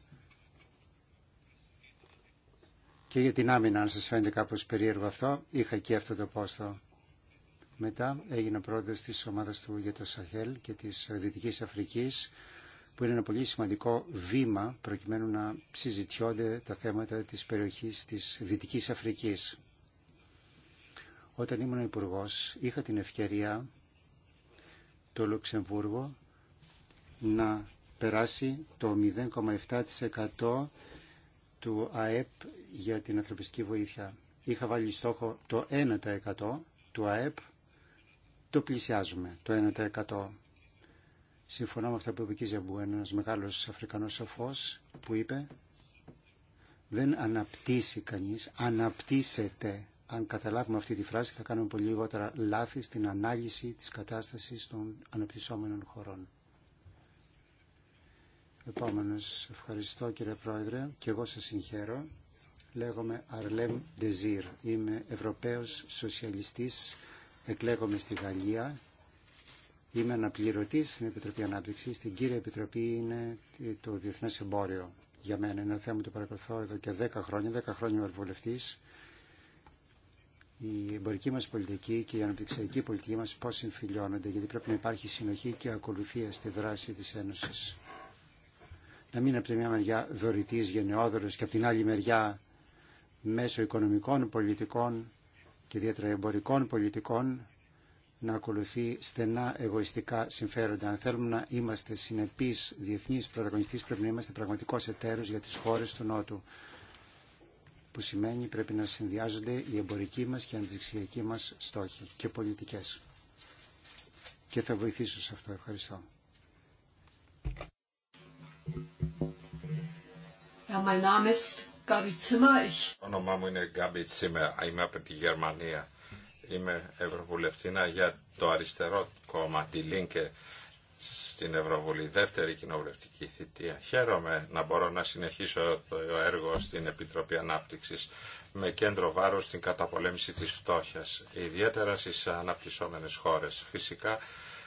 [SPEAKER 4] και για την άμυνα, αν σα φαίνεται κάπως περίεργο αυτό, είχα και αυτό το πόστο. Μετά έγινε πρόεδρος της ομάδας του για το Σαχέλ και της Δυτικής Αφρικής, που είναι ένα πολύ σημαντικό βήμα προκειμένου να συζητιώνται τα θέματα της περιοχής τη Δυτική Αφρικής. Όταν ήμουν υπουργό, είχα την ευκαιρία το Λουξεμβούργο να περάσει το 0,7% του ΑΕΠ για την ανθρωπιστική βοήθεια. Είχα βάλει στόχο το 1% του ΑΕΠ, το πλησιάζουμε, το 1%. Συμφωνώ με αυτά που είπε ο Ζεμπού, ένας μεγάλος Αφρικανός σοφός που είπε «Δεν αναπτύσσει κανείς, αναπτύσσεται» αν καταλάβουμε αυτή τη φράση θα κάνουμε πολύ λιγότερα λάθη στην ανάλυση της κατάστασης των αναπτυσσόμενων χωρών. Επόμενος, ευχαριστώ κύριε Πρόεδρε και εγώ σας συγχαίρω. Λέγομαι Αρλέμ Ντεζίρ, είμαι Ευρωπαίος Σοσιαλιστής, εκλέγομαι στη Γαλλία. Είμαι αναπληρωτή στην Επιτροπή Ανάπτυξη. Στην κύρια Επιτροπή είναι το Διεθνέ Εμπόριο. Για μένα είναι ένα θέμα που το παρακολουθώ εδώ και 10 χρόνια. 10 χρόνια είμαι βουλευτή η εμπορική μας πολιτική και η αναπτυξιακή πολιτική μας πώς συμφιλιώνονται, γιατί πρέπει να υπάρχει συνοχή και ακολουθία στη δράση της Ένωσης. Να μην από τη μια μεριά δωρητής, γενναιόδωρος και από την άλλη μεριά μέσω οικονομικών πολιτικών και ιδιαίτερα εμπορικών πολιτικών να ακολουθεί στενά εγωιστικά συμφέροντα. Αν θέλουμε να είμαστε συνεπείς διεθνείς πρωταγωνιστής πρέπει να είμαστε πραγματικός εταίρος για τις χώρες του Νότου που σημαίνει πρέπει να συνδυάζονται οι εμπορικοί μας και οι μας στόχοι και πολιτικές. Και θα βοηθήσω σε αυτό. Ευχαριστώ.
[SPEAKER 5] Όνομά μου είναι Γκάμπι Τσίμερ. Είμαι από τη Γερμανία. Είμαι Ευρωβουλευτήνα για το αριστερό κόμμα, τη Λίνκε στην Ευρωβουλή, δεύτερη κοινοβουλευτική θητεία. Χαίρομαι να μπορώ να συνεχίσω το έργο στην Επιτροπή Ανάπτυξης με κέντρο βάρος στην καταπολέμηση της φτώχειας, ιδιαίτερα στις αναπτυσσόμενες χώρες. Φυσικά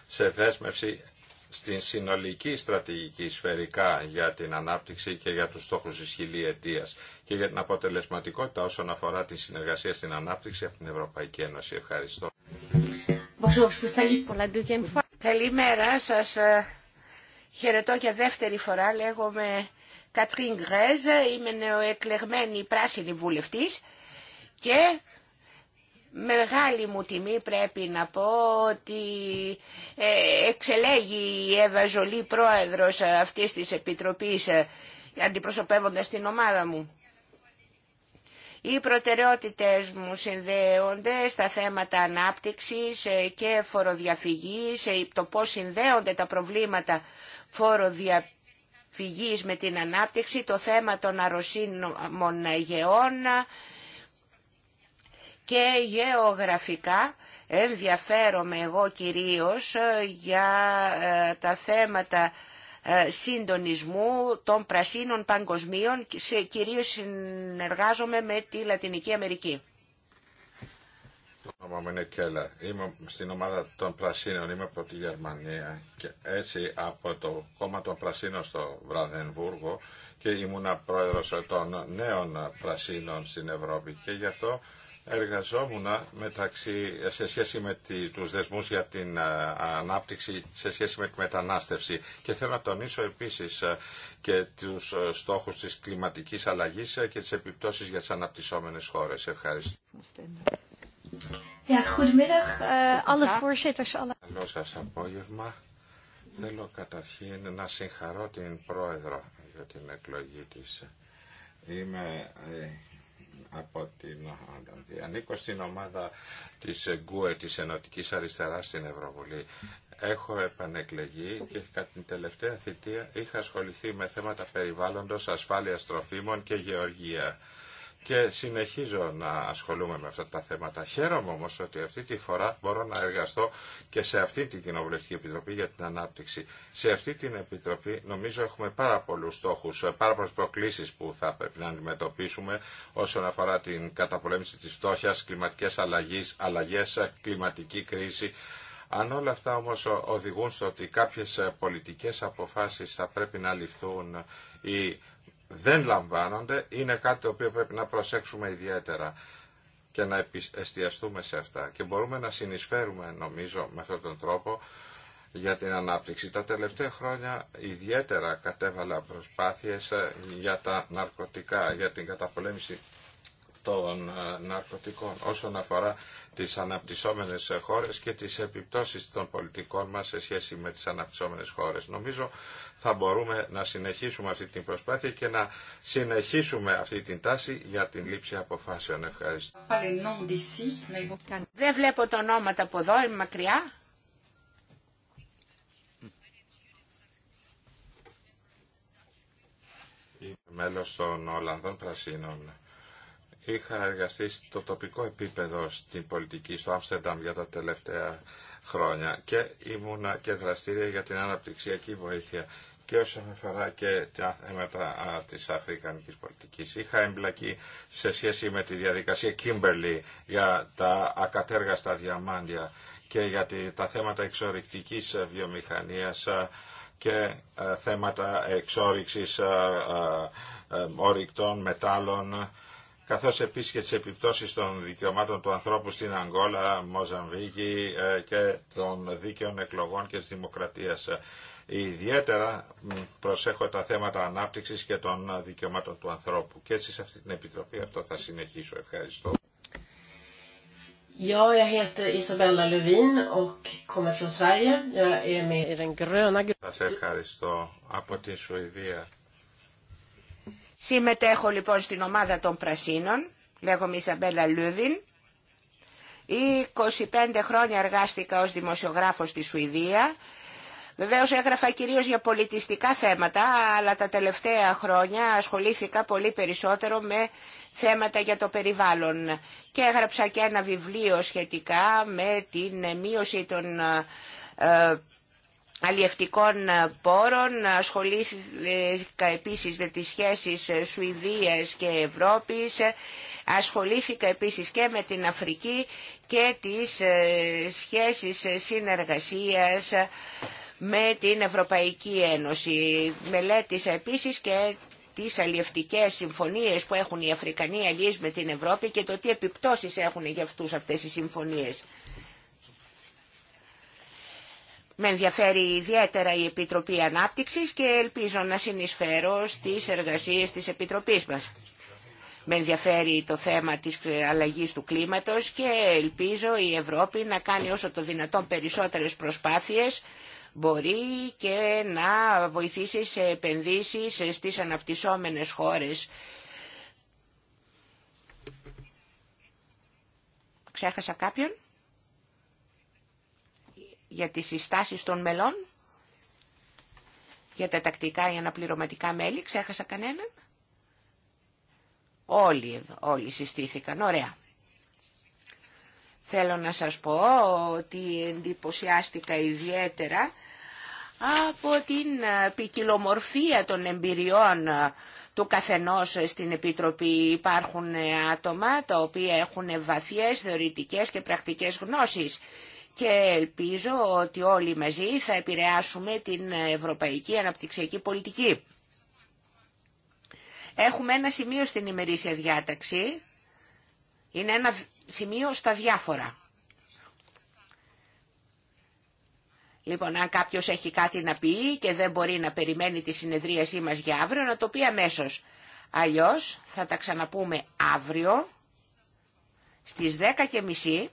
[SPEAKER 5] σε δέσμευση στην συνολική στρατηγική σφαιρικά για την ανάπτυξη και για τους στόχους της και για την αποτελεσματικότητα όσον αφορά τη συνεργασία στην ανάπτυξη από την Ευρωπαϊκή Ένωση. Ευχαριστώ.
[SPEAKER 3] Καλημέρα σας. Ε, χαιρετώ για δεύτερη φορά. Λέγομαι Κατρίν Γκρέζ. Είμαι νεοεκλεγμένη πράσινη βουλευτής και μεγάλη μου τιμή πρέπει να πω ότι ε, εξελέγει η Εύα Ζολή πρόεδρος αυτής της Επιτροπής ε, αντιπροσωπεύοντας την ομάδα μου. Οι προτεραιότητες μου συνδέονται στα θέματα ανάπτυξης ε, και φοροδιαφυγής, ε, το πώς συνδέονται τα προβλήματα φοροδιαφυγής με την ανάπτυξη, το θέμα των αρρωσίμων γεών και γεωγραφικά ενδιαφέρομαι εγώ κυρίως ε, για τα θέματα ε, συντονισμού των πρασίνων παγκοσμίων, σε, κυρίως συνεργάζομαι με τη Λατινική Αμερική.
[SPEAKER 5] Όνομα Κέλλα. Είμαι στην ομάδα των Πρασίνων, είμαι από τη Γερμανία και έτσι από το κόμμα των Πρασίνων στο Βραδενβούργο και ήμουν πρόεδρος των νέων Πρασίνων στην Ευρώπη και γι' αυτό εργαζόμουν μεταξύ, σε σχέση με τη, τους δεσμούς για την ανάπτυξη, σε σχέση με τη μετανάστευση. Και θέλω να τονίσω επίσης και τους στόχους της κλιματικής αλλαγής και τις επιπτώσεις για τις αναπτυσσόμενες χώρες. Ευχαριστώ. Ε, Καλό σα απόγευμα. Θέλω καταρχήν να συγχαρώ την Πρόεδρο για την εκλογή της. Είμαι ε, από την Ολλανδία. Ανήκω στην ομάδα της ΓΚΟΕ, της Ενωτικής Αριστεράς στην Ευρωβουλή. Έχω επανεκλεγεί και κατά την τελευταία θητεία είχα ασχοληθεί με θέματα περιβάλλοντος, ασφάλειας τροφίμων και γεωργία και συνεχίζω να ασχολούμαι με αυτά τα θέματα. Χαίρομαι όμως ότι αυτή τη φορά μπορώ να εργαστώ και σε αυτή την Κοινοβουλευτική Επιτροπή για την Ανάπτυξη. Σε αυτή την Επιτροπή νομίζω έχουμε πάρα πολλούς στόχους, πάρα πολλές προκλήσεις που θα πρέπει να αντιμετωπίσουμε όσον αφορά την καταπολέμηση της φτώχειας, κλιματικές αλλαγές, αλλαγές κλιματική κρίση. Αν όλα αυτά όμως οδηγούν στο ότι κάποιες πολιτικές αποφάσεις θα πρέπει να ληφθούν ή δεν λαμβάνονται είναι κάτι το οποίο πρέπει να προσέξουμε ιδιαίτερα και να εστιαστούμε σε αυτά. Και μπορούμε να συνεισφέρουμε νομίζω με αυτόν τον τρόπο για την ανάπτυξη. Τα τελευταία χρόνια ιδιαίτερα κατέβαλα προσπάθειες ε, για τα ναρκωτικά, για την καταπολέμηση των ε, ναρκωτικών όσον αφορά τις αναπτυσσόμενες ε, χώρες και τις επιπτώσεις των πολιτικών μας σε σχέση με τις αναπτυσσόμενες χώρες. Νομίζω θα μπορούμε να συνεχίσουμε αυτή την προσπάθεια και να συνεχίσουμε αυτή την τάση για την λήψη αποφάσεων. Ευχαριστώ.
[SPEAKER 3] Δεν βλέπω τα ονόματα από εδώ, είμαι μακριά.
[SPEAKER 5] Είμαι μέλος των Ολλανδών Πρασίνων Είχα εργαστεί στο τοπικό επίπεδο στην πολιτική στο Άμστερνταμ για τα τελευταία χρόνια και ήμουνα και δραστήρια για την αναπτυξιακή βοήθεια και όσον αφορά και τα θέματα της αφρικανικής πολιτικής. Είχα εμπλακεί σε σχέση με τη διαδικασία Κίμπερλι για τα ακατέργαστα διαμάντια και για τα θέματα εξορρυκτικής βιομηχανίας και θέματα εξόριξης ορυκτών μετάλλων καθώς επίσης και τις επιπτώσεις των δικαιωμάτων του ανθρώπου στην Αγγόλα, Μοζαμβίκη ε, και των δίκαιων εκλογών και της δημοκρατίας. Ιδιαίτερα προσέχω τα θέματα ανάπτυξης και των δικαιωμάτων του ανθρώπου. Και έτσι σε αυτή την Επιτροπή αυτό θα συνεχίσω. Ευχαριστώ.
[SPEAKER 3] Ja, jag heter Isabella Lövin och
[SPEAKER 5] ευχαριστώ από τη Σουηδία.
[SPEAKER 3] Συμμετέχω λοιπόν στην ομάδα των Πρασίνων, λέγομαι Ισαμπέλα Λούβιν. 25 χρόνια εργάστηκα ως δημοσιογράφος στη Σουηδία. Βεβαίως έγραφα κυρίως για πολιτιστικά θέματα, αλλά τα τελευταία χρόνια ασχολήθηκα πολύ περισσότερο με θέματα για το περιβάλλον. Και έγραψα και ένα βιβλίο σχετικά με την μείωση των ε, αλλιευτικών ε, πόρων. Ασχολήθηκα επίσης με τις σχέσεις ε, Σουηδίας και Ευρώπης. Ασχολήθηκα επίσης και με την Αφρική και τις ε, σχέσεις συνεργασίας με την Ευρωπαϊκή Ένωση. Μελέτησα επίσης και τις αλλιευτικές συμφωνίες που έχουν οι Αφρικανοί αλλιείς με την Ευρώπη και το τι επιπτώσεις έχουν για αυτούς αυτές οι συμφωνίες. Με ενδιαφέρει ιδιαίτερα η Επιτροπή Ανάπτυξης και ελπίζω να συνεισφέρω στις εργασίες της Επιτροπής μας. Με ενδιαφέρει το θέμα της αλλαγής του κλίματος και ελπίζω η Ευρώπη να κάνει όσο το δυνατόν περισσότερες προσπάθειες μπορεί και να βοηθήσει σε επενδύσεις στις αναπτυσσόμενες χώρες. Ξέχασα κάποιον για τις συστάσεις των μελών, για τα τακτικά ή αναπληρωματικά μέλη, ξέχασα κανέναν. Όλοι εδώ, όλοι συστήθηκαν, ωραία. Θέλω να σας πω ότι εντυπωσιάστηκα ιδιαίτερα από την ποικιλομορφία των εμπειριών του καθενός στην Επιτροπή υπάρχουν άτομα τα οποία έχουν βαθιές θεωρητικές και πρακτικές γνώσεις και ελπίζω ότι όλοι μαζί θα επηρεάσουμε την ευρωπαϊκή αναπτυξιακή πολιτική. Έχουμε ένα σημείο στην ημερήσια διάταξη, είναι ένα σημείο στα διάφορα. Λοιπόν, αν κάποιος έχει κάτι να πει και δεν μπορεί να περιμένει τη συνεδρίασή μας για αύριο, να το πει αμέσως. Αλλιώς θα τα ξαναπούμε αύριο στις 10.30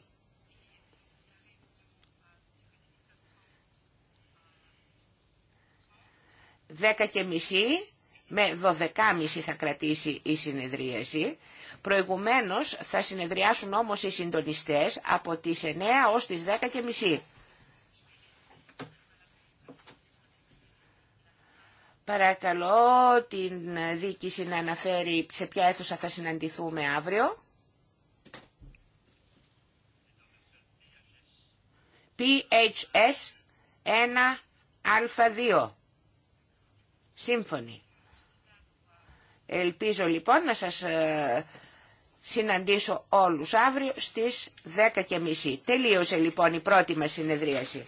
[SPEAKER 3] 10 και μισή με 12.30 θα κρατήσει η συνεδρίαση. Προηγουμένως θα συνεδριάσουν όμως οι συντονιστές από τις 9 ως τις 10 και μισή. Παρακαλώ την δίκηση να αναφέρει σε ποια αίθουσα θα συναντηθούμε αύριο. PHS 1α2 σύμφωνοι. Ελπίζω λοιπόν να σας ε, συναντήσω όλους αύριο στις 10.30. Τελείωσε λοιπόν η πρώτη μας συνεδρίαση.